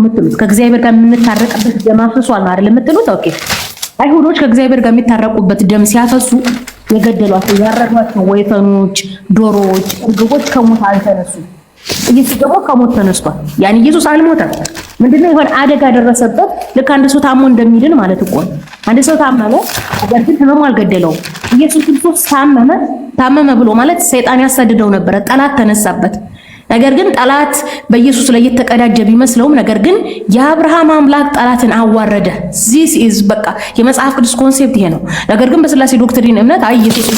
ነው የምትሉት ከእግዚአብሔር ጋር የምንታረቅበት ደም አፍሷል ነው አይደል የምትሉት? ኦኬ አይሁዶች ከእግዚአብሔር ጋር የሚታረቁበት ደም ሲያፈሱ የገደሏቸው ያረዷቸው ወይፈኖች፣ ዶሮዎች፣ እርግቦች ከሞት አልተነሱም። ኢየሱስ ደግሞ ከሞት ተነስቷል። ያን ኢየሱስ አልሞተም። ምንድነው የሆነ አደጋ ደረሰበት። ልክ አንድ ሰው ታሞ እንደሚድን ማለት እኮ አንድ ሰው ታመመ፣ ነገር ግን ህመሙ አልገደለውም። ኢየሱስ ክርስቶስ ታመመ። ታመመ ብሎ ማለት ሰይጣን ያሳድደው ነበረ፣ ጠላት ተነሳበት። ነገር ግን ጠላት በኢየሱስ ላይ የተቀዳጀ ቢመስለውም ነገር ግን የአብርሃም አምላክ ጠላትን አዋረደ። ዚስ ኢዝ በቃ የመጽሐፍ ቅዱስ ኮንሴፕት ይሄ ነው። ነገር ግን በስላሴ ዶክትሪን እምነት አይ ኢየሱስ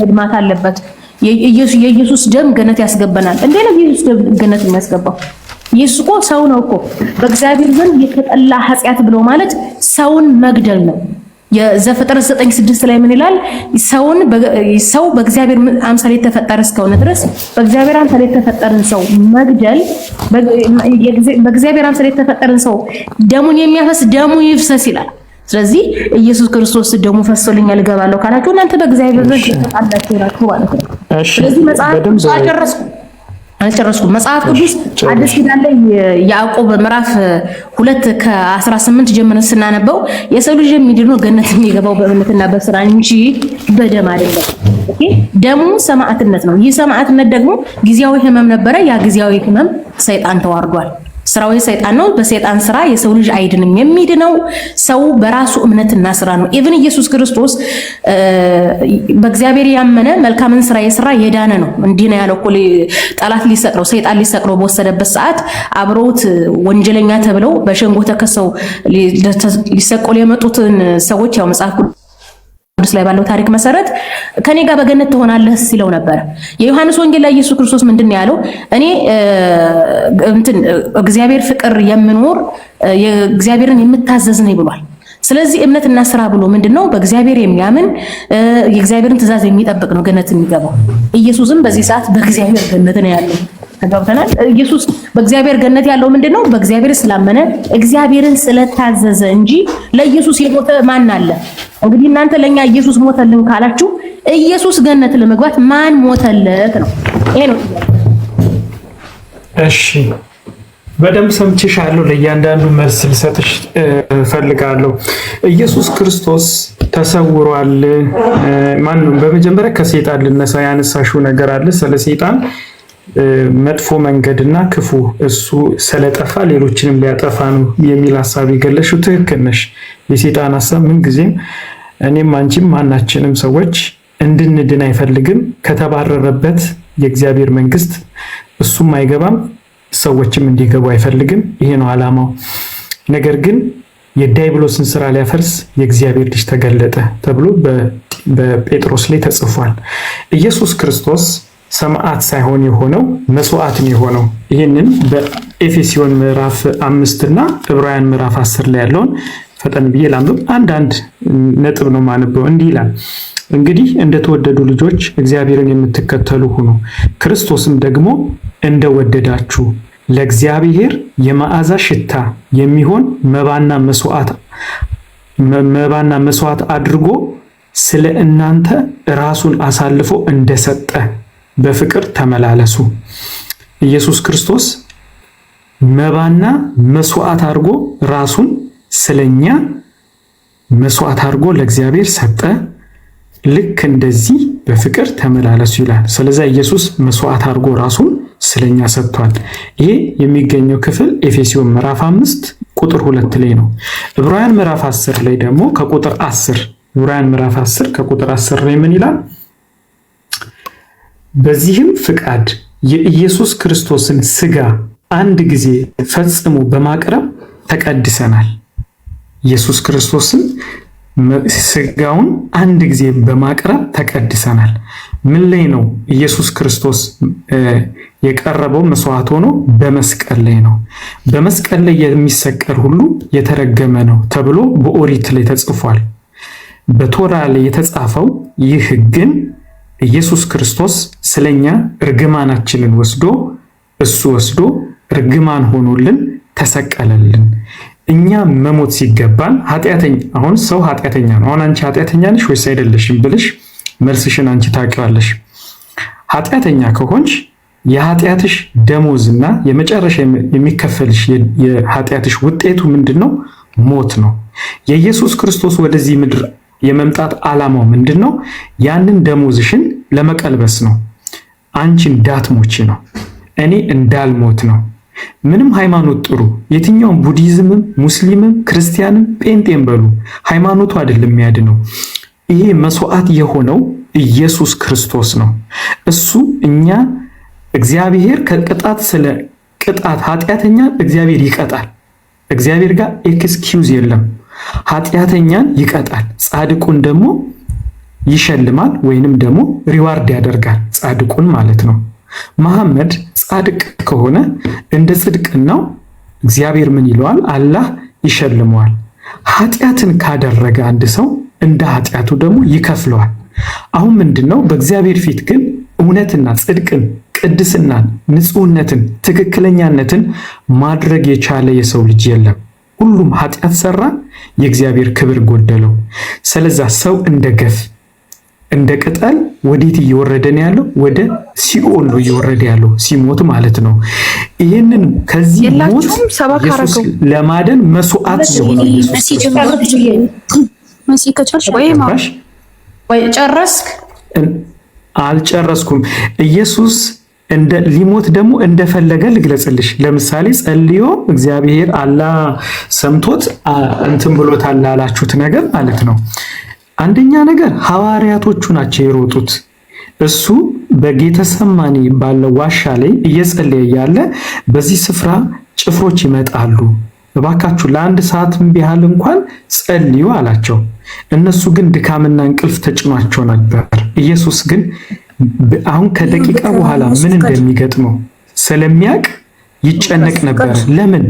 መድማት አለበት፣ የኢየሱስ ደም ገነት ያስገባናል። እንዴ ነው ኢየሱስ ደም ገነት የሚያስገባው? ኢየሱስ እኮ ሰው ነው እኮ በእግዚአብሔር ዘንድ የተጠላ ኃጢአት ብሎ ማለት ሰውን መግደል ነው። የዘፍጥረት 9:6 ላይ ምን ይላል? ሰውን ሰው በእግዚአብሔር አምሳል የተፈጠረ እስከሆነ ድረስ በእግዚአብሔር አምሳል የተፈጠረን ሰው መግደል በእግዚአብሔር አምሳል የተፈጠረን ሰው ደሙን የሚያፈስ ደሙ ይፍሰስ ይላል። ስለዚህ ኢየሱስ ክርስቶስ ደሙ ፈሶልኛል እገባለሁ ካላችሁ እናንተ በእግዚአብሔር ዘንድ ተጣላችሁ ማለት ነው። ስለዚህ መጽሐፍ አልጨረስኩም። አልጨረስኩም። መጽሐፍ ቅዱስ አዲስ ኪዳን ላይ ያዕቆብ ምዕራፍ ሁለት ከ18 ጀምረን ስናነበው የሰው ልጅ የሚድነው ገነት የሚገባው በእምነትና በስራ እንጂ በደም አይደለም። ደሙ ሰማዕትነት ነው። ይህ ሰማዕትነት ደግሞ ጊዜያዊ ህመም ነበረ። ያ ጊዜያዊ ህመም ሰይጣን ተዋርዷል። ስራው የሰይጣን ነው። በሰይጣን ስራ የሰው ልጅ አይድንም። የሚድነው ሰው በራሱ እምነትና ስራ ነው። ኢቭን ኢየሱስ ክርስቶስ በእግዚአብሔር ያመነ መልካምን ስራ የሰራ የዳነ ነው። እንዲህ ነው ያለው እኮ ጠላት ሊሰቅለው ሰይጣን ሊሰቅለው በወሰደበት ሰዓት አብረውት ወንጀለኛ ተብለው በሸንጎ ተከሰው ሊሰቀሉ የመጡትን ሰዎች ያው መጽሐፍ ቅዱስ ላይ ባለው ታሪክ መሰረት ከኔ ጋር በገነት ትሆናለህ ሲለው ነበር። የዮሐንስ ወንጌል ላይ ኢየሱስ ክርስቶስ ምንድን ነው ያለው? እኔ እንትን እግዚአብሔር ፍቅር የምኖር እግዚአብሔርን የምታዘዝ ነኝ ብሏል። ስለዚህ እምነትና ስራ ብሎ ምንድነው? በእግዚአብሔር የሚያምን የእግዚአብሔርን ትእዛዝ የሚጠብቅ ነው ገነት የሚገባው። ኢየሱስም በዚህ ሰዓት በእግዚአብሔር ገነት ነው ያለው። ተጋብተናል። ኢየሱስ በእግዚአብሔር ገነት ያለው ምንድን ነው? በእግዚአብሔር ስላመነ እግዚአብሔርን ስለታዘዘ እንጂ ለኢየሱስ የሞተ ማን አለ? እንግዲህ እናንተ ለእኛ ኢየሱስ ሞተልን ካላችሁ ኢየሱስ ገነት ለመግባት ማን ሞተለት ነው? ይሄ ነው። እሺ፣ በደንብ ሰምቼሻለሁ። ለእያንዳንዱ መልስ ልሰጥሽ እፈልጋለሁ። ኢየሱስ ክርስቶስ ተሰውሯል። ማን ነው? በመጀመሪያ ከሴጣን ልነሳ ያነሳሽው ነገር አለ ስለ ሴጣን መጥፎ መንገድና ክፉ እሱ ስለጠፋ ሌሎችንም ሊያጠፋ ነው የሚል ሀሳብ የገለሽው ትክክል ነሽ። የሴጣን ሀሳብ ምንጊዜም እኔም አንቺም ማናችንም ሰዎች እንድንድን አይፈልግም። ከተባረረበት የእግዚአብሔር መንግስት እሱም አይገባም፣ ሰዎችም እንዲገቡ አይፈልግም። ይሄ ነው አላማው ነገር ግን የዳይብሎስን ስራ ሊያፈርስ የእግዚአብሔር ልጅ ተገለጠ ተብሎ በጴጥሮስ ላይ ተጽፏል። ኢየሱስ ክርስቶስ ሰማዕት ሳይሆን የሆነው መስዋዕትን የሆነው ይህንን በኤፌሲዮን ምዕራፍ አምስት እና ዕብራውያን ምዕራፍ አስር ላይ ያለውን ፈጠን ብዬ ላምብ አንዳንድ ነጥብ ነው ማነበው። እንዲህ ይላል እንግዲህ እንደተወደዱ ልጆች እግዚአብሔርን የምትከተሉ ሁኑ፣ ክርስቶስም ደግሞ እንደወደዳችሁ ለእግዚአብሔር የመዓዛ ሽታ የሚሆን መባና መስዋዕት መባና መስዋዕት አድርጎ ስለ እናንተ ራሱን አሳልፎ እንደሰጠ በፍቅር ተመላለሱ። ኢየሱስ ክርስቶስ መባና መስዋዕት አድርጎ ራሱን ስለኛ መስዋዕት አድርጎ ለእግዚአብሔር ሰጠ። ልክ እንደዚህ በፍቅር ተመላለሱ ይላል። ስለዚያ ኢየሱስ መስዋዕት አድርጎ ራሱን ስለኛ ሰጥቷል። ይሄ የሚገኘው ክፍል ኤፌሲዮን ምዕራፍ አምስት ቁጥር ሁለት ላይ ነው። ዕብራውያን ምዕራፍ አስር ላይ ደግሞ ከቁጥር አስር ዕብራውያን ምዕራፍ አስር ከቁጥር አስር ላይ ምን ይላል? በዚህም ፍቃድ የኢየሱስ ክርስቶስን ስጋ አንድ ጊዜ ፈጽሞ በማቅረብ ተቀድሰናል። ኢየሱስ ክርስቶስን ስጋውን አንድ ጊዜ በማቅረብ ተቀድሰናል። ምን ላይ ነው ኢየሱስ ክርስቶስ የቀረበው መስዋዕት ሆኖ? በመስቀል ላይ ነው። በመስቀል ላይ የሚሰቀል ሁሉ የተረገመ ነው ተብሎ በኦሪት ላይ ተጽፏል። በቶራ ላይ የተጻፈው ይህ ግን ኢየሱስ ክርስቶስ ስለኛ እርግማናችንን ወስዶ እሱ ወስዶ እርግማን ሆኖልን ተሰቀለልን። እኛ መሞት ሲገባን ኃጢአተኛ አሁን ሰው ኃጢአተኛ ነው። አሁን አንቺ ኃጢአተኛ ነሽ ወይስ አይደለሽም ብልሽ መልስሽን አንቺ ታውቂዋለሽ። ኃጢአተኛ ከሆንሽ የኃጢአትሽ ደሞዝ እና የመጨረሻ የሚከፈልሽ የኃጢአትሽ ውጤቱ ምንድን ነው? ሞት ነው። የኢየሱስ ክርስቶስ ወደዚህ ምድር የመምጣት ዓላማው ምንድን ነው? ያንን ደሞዝሽን ለመቀልበስ ነው። አንቺ እንዳትሞች ነው። እኔ እንዳልሞት ነው። ምንም ሃይማኖት ጥሩ፣ የትኛውም ቡዲዝምም፣ ሙስሊምም፣ ክርስቲያንም ጴንጤም በሉ ሃይማኖቱ አይደለም የሚያድነው። ይሄ መስዋዕት የሆነው ኢየሱስ ክርስቶስ ነው። እሱ እኛ እግዚአብሔር ከቅጣት ስለ ቅጣት ኃጢአተኛ እግዚአብሔር ይቀጣል። እግዚአብሔር ጋር ኤክስኪውዝ የለም። ኃጢአተኛን ይቀጣል፣ ጻድቁን ደግሞ ይሸልማል ወይንም ደግሞ ሪዋርድ ያደርጋል። ጻድቁን ማለት ነው። መሐመድ ጻድቅ ከሆነ እንደ ጽድቅናው እግዚአብሔር ምን ይለዋል? አላህ ይሸልመዋል። ኃጢአትን ካደረገ አንድ ሰው እንደ ኃጢአቱ ደግሞ ይከፍለዋል። አሁን ምንድን ነው? በእግዚአብሔር ፊት ግን እውነትና ጽድቅን፣ ቅድስናን፣ ንጹህነትን፣ ትክክለኛነትን ማድረግ የቻለ የሰው ልጅ የለም። ሁሉም ኃጢአት ሰራ፣ የእግዚአብሔር ክብር ጎደለው። ስለዛ ሰው እንደ ገፍ እንደ ቅጠል ወዴት እየወረደ ነው ያለው? ወደ ሲኦል ነው እየወረደ ያለው ሲሞት ማለት ነው። ይህንን ከዚህ ሞት ለማደን መስዋዕት ጨረስክ? አልጨረስኩም። ኢየሱስ ሊሞት ደግሞ እንደፈለገ ልግለጽልሽ። ለምሳሌ ጸልዮ እግዚአብሔር አላ ሰምቶት እንትን ብሎታል ላላችሁት ነገር ማለት ነው። አንደኛ ነገር ሐዋርያቶቹ ናቸው የሮጡት። እሱ በጌተሰማኒ ባለው ዋሻ ላይ እየጸለየ ያለ በዚህ ስፍራ ጭፍሮች ይመጣሉ፣ እባካችሁ ለአንድ ሰዓት ቢያህል እንኳን ጸልዩ አላቸው። እነሱ ግን ድካምና እንቅልፍ ተጭኗቸው ነበር። ኢየሱስ ግን አሁን ከደቂቃ በኋላ ምን እንደሚገጥመው ስለሚያውቅ ይጨነቅ ነበር። ለምን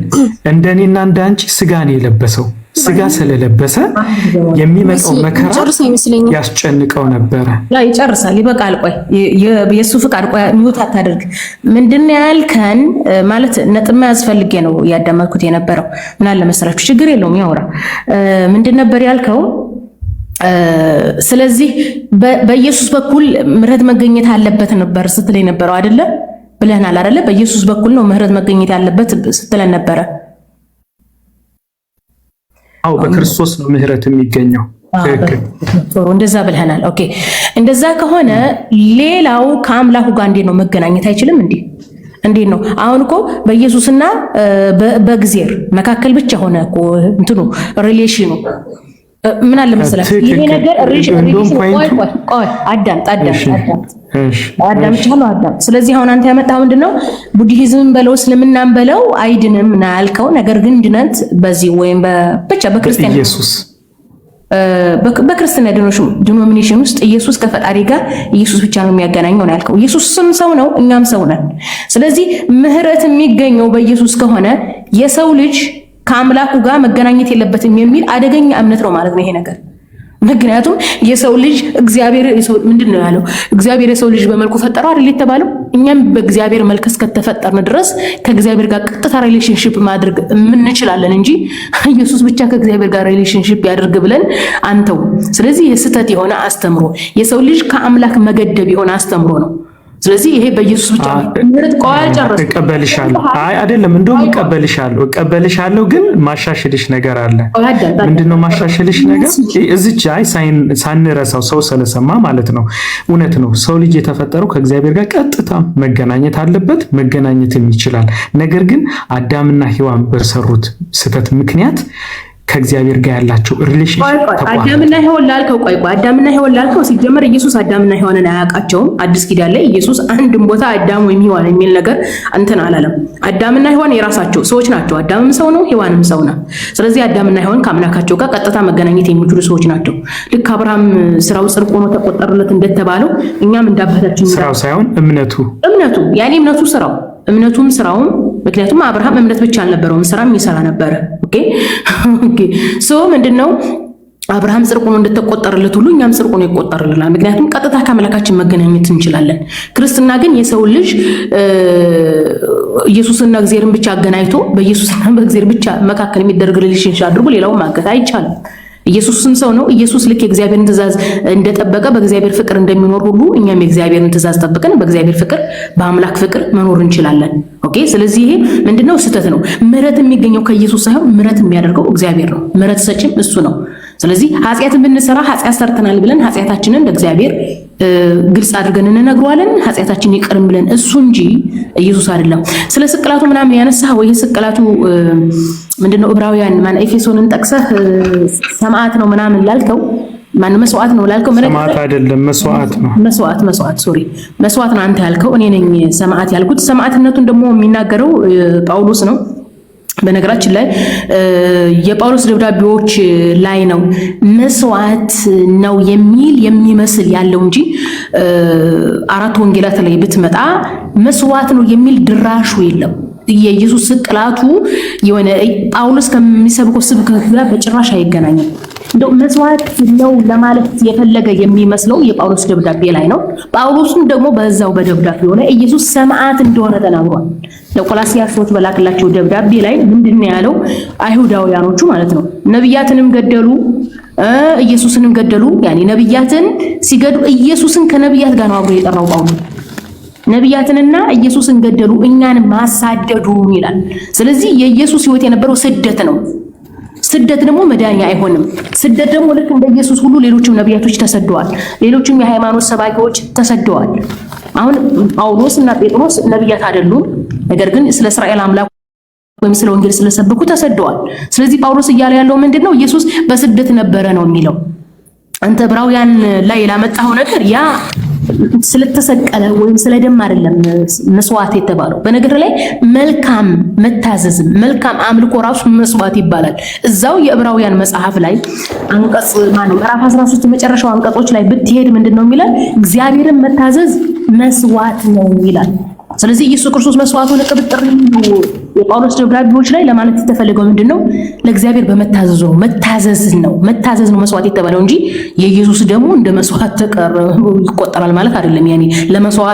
እንደኔና እንደ አንቺ ስጋ ነው የለበሰው። ስጋ ስለለበሰ የሚመጣው መከራ ያስጨንቀው ነበረ። ይጨርሳል። ይበቃል። ቆይ የእሱ ፍቃድ። ቆይ ሚውት አታደርግ። ምንድን ያልከን ማለት ነጥብ መያዝ ፈልጌ ነው ያዳመጥኩት የነበረው። ምን አለ መሰላችሁ፣ ችግር የለውም ያውራ። ምንድን ነበር ያልከው? ስለዚህ በኢየሱስ በኩል ምሕረት መገኘት አለበት ነበር ስትል የነበረው አይደለም ብለህናል አይደለ? በኢየሱስ በኩል ነው ምሕረት መገኘት ያለበት ስትለን ነበረ። አዎ በክርስቶስ ነው ምሕረት የሚገኘው። ጥሩ እንደዛ ብለህናል። ኦኬ እንደዛ ከሆነ ሌላው ከአምላኩ ጋር እንዴት ነው መገናኘት አይችልም እንዴ? እንዴት ነው አሁን እኮ በኢየሱስና በእግዜር መካከል ብቻ ሆነ እኮ እንትኑ ሪሌሽኑ ምን አለ መሰለህ ይሄ ነገር አዳም። ሪሽ ነው። ቆይ ስለዚህ አሁን አንተ ያመጣው ምንድን ነው? ቡድሂዝም በለው እስልምናም በለው አይድንም ና ያልከው ነገር ግን ድነት በዚህ ወይም ብቻ በክርስቲያን ኢየሱስ በክርስትና ዲኖሚኔሽን ውስጥ ኢየሱስ ከፈጣሪ ጋር ኢየሱስ ብቻ ነው የሚያገናኘው ነው ያልከው። ኢየሱስም ሰው ነው፣ እኛም ሰው ነን። ስለዚህ ምህረት የሚገኘው በኢየሱስ ከሆነ የሰው ልጅ ከአምላኩ ጋር መገናኘት የለበትም የሚል አደገኛ እምነት ነው ማለት ነው ይሄ ነገር። ምክንያቱም የሰው ልጅ እግዚአብሔር ምንድን ነው ያለው? እግዚአብሔር የሰው ልጅ በመልኩ ፈጠረው አይደል የተባለው? እኛም በእግዚአብሔር መልክ እስከተፈጠርን ድረስ ከእግዚአብሔር ጋር ቀጥታ ሪሌሽንሽፕ ማድረግ የምንችላለን እንጂ ኢየሱስ ብቻ ከእግዚአብሔር ጋር ሪሌሽንሽፕ ያድርግ ብለን አንተው። ስለዚህ የስህተት የሆነ አስተምሮ የሰው ልጅ ከአምላክ መገደብ የሆነ አስተምሮ ነው። ስለዚህ ይሄ በኢየሱስ ብቻ ምርጥ ቆይ አልጨረስኩም። እቀበልሻለሁ። አይ አይደለም፣ እንደውም እቀበልሻለሁ እቀበልሻለሁ፣ ግን ማሻሽልሽ ነገር አለ። ምንድነው ማሻሽልሽ ነገር? እዚች አይ ሳንረሳው ሰው ስለሰማ ማለት ነው። እውነት ነው። ሰው ልጅ የተፈጠረው ከእግዚአብሔር ጋር ቀጥታ መገናኘት አለበት፣ መገናኘትም ይችላል። ነገር ግን አዳምና ሔዋን በሰሩት ስህተት ምክንያት ከእግዚአብሔር ጋር ያላቸው ሪሌሽን አዳምና ሔዋን ላልከው፣ ቆይ ቆይ አዳምና ሔዋን ላልከው ሲጀመር ኢየሱስ አዳምና ሔዋንን አያውቃቸውም። አዲስ ኪዳን ላይ ኢየሱስ አንድም ቦታ አዳም ወይም ሔዋን የሚል ነገር እንትን አላለም። አዳምና ሔዋን የራሳቸው ሰዎች ናቸው። አዳምም ሰው ነው፣ ሔዋንም ሰው ነው። ስለዚህ አዳምና ሔዋን ከአምላካቸው ጋር ቀጥታ መገናኘት የሚችሉ ሰዎች ናቸው። ልክ አብርሃም ስራው ጽድቅ ሆኖ ተቆጠረለት እንደተባለው እኛም እንዳባታችን ስራው ሳይሆን እምነቱ እምነቱ ያኔ እምነቱ ስራው እምነቱም ስራውም ምክንያቱም አብርሃም እምነት ብቻ አልነበረውም፣ ስራ የሚሰራ ነበረ። ሶ ምንድነው አብርሃም ጽድቅ ሆኖ እንደተቆጠረለት ሁሉ እኛም ጽድቅ ሆኖ ይቆጠርልናል። ምክንያቱም ቀጥታ ከአምላካችን መገናኘት እንችላለን። ክርስትና ግን የሰው ልጅ ኢየሱስና እግዚአብሔርን ብቻ አገናኝቶ በኢየሱስና በእግዚአብሔር ብቻ መካከል የሚደረግ ሪሌሽንሽ አድርጎ ሌላውን ማገት አይቻልም። ኢየሱስም ሰው ነው። ኢየሱስ ልክ የእግዚአብሔርን ትእዛዝ እንደጠበቀ በእግዚአብሔር ፍቅር እንደሚኖር ሁሉ እኛም የእግዚአብሔርን ትእዛዝ ጠብቀን በእግዚአብሔር ፍቅር በአምላክ ፍቅር መኖር እንችላለን። ኦኬ። ስለዚህ ይሄ ምንድነው ስህተት ነው። ምሕረት የሚገኘው ከኢየሱስ ሳይሆን ምሕረት የሚያደርገው እግዚአብሔር ነው። ምሕረት ሰጪም እሱ ነው። ስለዚህ ኃጢአትን ብንሰራ ኃጢአት ሰርተናል ብለን ኃጢአታችንን ለእግዚአብሔር ግልጽ አድርገን እንነግረዋለን። ኃጢአታችን ይቅርም ብለን እሱ እንጂ ኢየሱስ አይደለም። ስለ ስቅላቱ ምናምን ያነሳህ ወይ ስቅላቱ ምንድነው? ዕብራውያን ማን ኤፌሶንን ጠቅሰህ ሰማዕት ነው ምናምን ላልከው ማን መስዋዕት ነው ላልከው ሰማዕት አይደለም መስዋዕት ነው። መስዋዕት መስዋዕት ሶሪ መስዋዕት ነው አንተ ያልከው፣ እኔ ነኝ ሰማዕት ያልኩት። ሰማዕትነቱን ደግሞ የሚናገረው ጳውሎስ ነው በነገራችን ላይ የጳውሎስ ደብዳቤዎች ላይ ነው መስዋዕት ነው የሚል የሚመስል ያለው እንጂ አራት ወንጌላት ላይ ብትመጣ መስዋዕት ነው የሚል ድራሹ የለም። የኢየሱስ ስቅላቱ የሆነ ጳውሎስ ከሚሰብከው ስብከት ጋር በጭራሽ አይገናኝም። እንደው መስዋዕት ነው ለማለት የፈለገ የሚመስለው የጳውሎስ ደብዳቤ ላይ ነው። ጳውሎስም ደግሞ በዛው በደብዳቤው ሆነ ኢየሱስ ሰማዕት እንደሆነ ተናግሯል። ለቆላስይስ በላክላቸው ደብዳቤ ላይ ምንድነው ያለው? አይሁዳውያኖቹ ማለት ነው ነቢያትንም ገደሉ፣ ኢየሱስንም ገደሉ። ያኔ ነቢያትን ሲገዱ ኢየሱስን ከነቢያት ጋር ነው አብሮ የጠራው ጳውሎስ ነቢያትንና ኢየሱስን ገደሉ፣ እኛንም ማሳደዱ ይላል። ስለዚህ የኢየሱስ ህይወት የነበረው ስደት ነው። ስደት ደግሞ መዳኛ አይሆንም። ስደት ደግሞ ልክ እንደ ኢየሱስ ሁሉ ሌሎችም ነቢያቶች ተሰደዋል። ሌሎችም የሃይማኖት ሰባኪዎች ተሰደዋል። አሁን ጳውሎስ እና ጴጥሮስ ነቢያት አይደሉም፣ ነገር ግን ስለ እስራኤል አምላክ ወይም ስለ ወንጌል ስለሰበኩ ተሰደዋል። ስለዚህ ጳውሎስ እያለ ያለው ምንድን ነው? ኢየሱስ በስደት ነበረ ነው የሚለው። አንተ ዕብራውያን ላይ ላመጣኸው ነገር ያ ስለተሰቀለ ወይም ስለደም አይደለም መስዋዕት የተባለው። በነገር ላይ መልካም መታዘዝም መልካም አምልኮ ራሱ መስዋዕት ይባላል። እዛው የዕብራውያን መጽሐፍ ላይ አንቀጽ ማነው ምዕራፍ 13 የመጨረሻው አንቀጾች ላይ ብትሄድ ምንድን ነው የሚለን? እግዚአብሔርን መታዘዝ መስዋዕት ነው ይላል። ስለዚህ ኢየሱስ ክርስቶስ መስዋዕቱን ቅብጥር የጳውሎስ ደብዳቤዎች ላይ ለማለት የተፈለገው ምንድን ነው? ለእግዚአብሔር በመታዘዝ ነው። መታዘዝ ነው መታዘዝ ነው መስዋዕት የተባለው እንጂ የኢየሱስ ደግሞ እንደ መስዋዕት ተቀር ይቆጠራል ማለት አይደለም። ያኔ ለመስዋዕት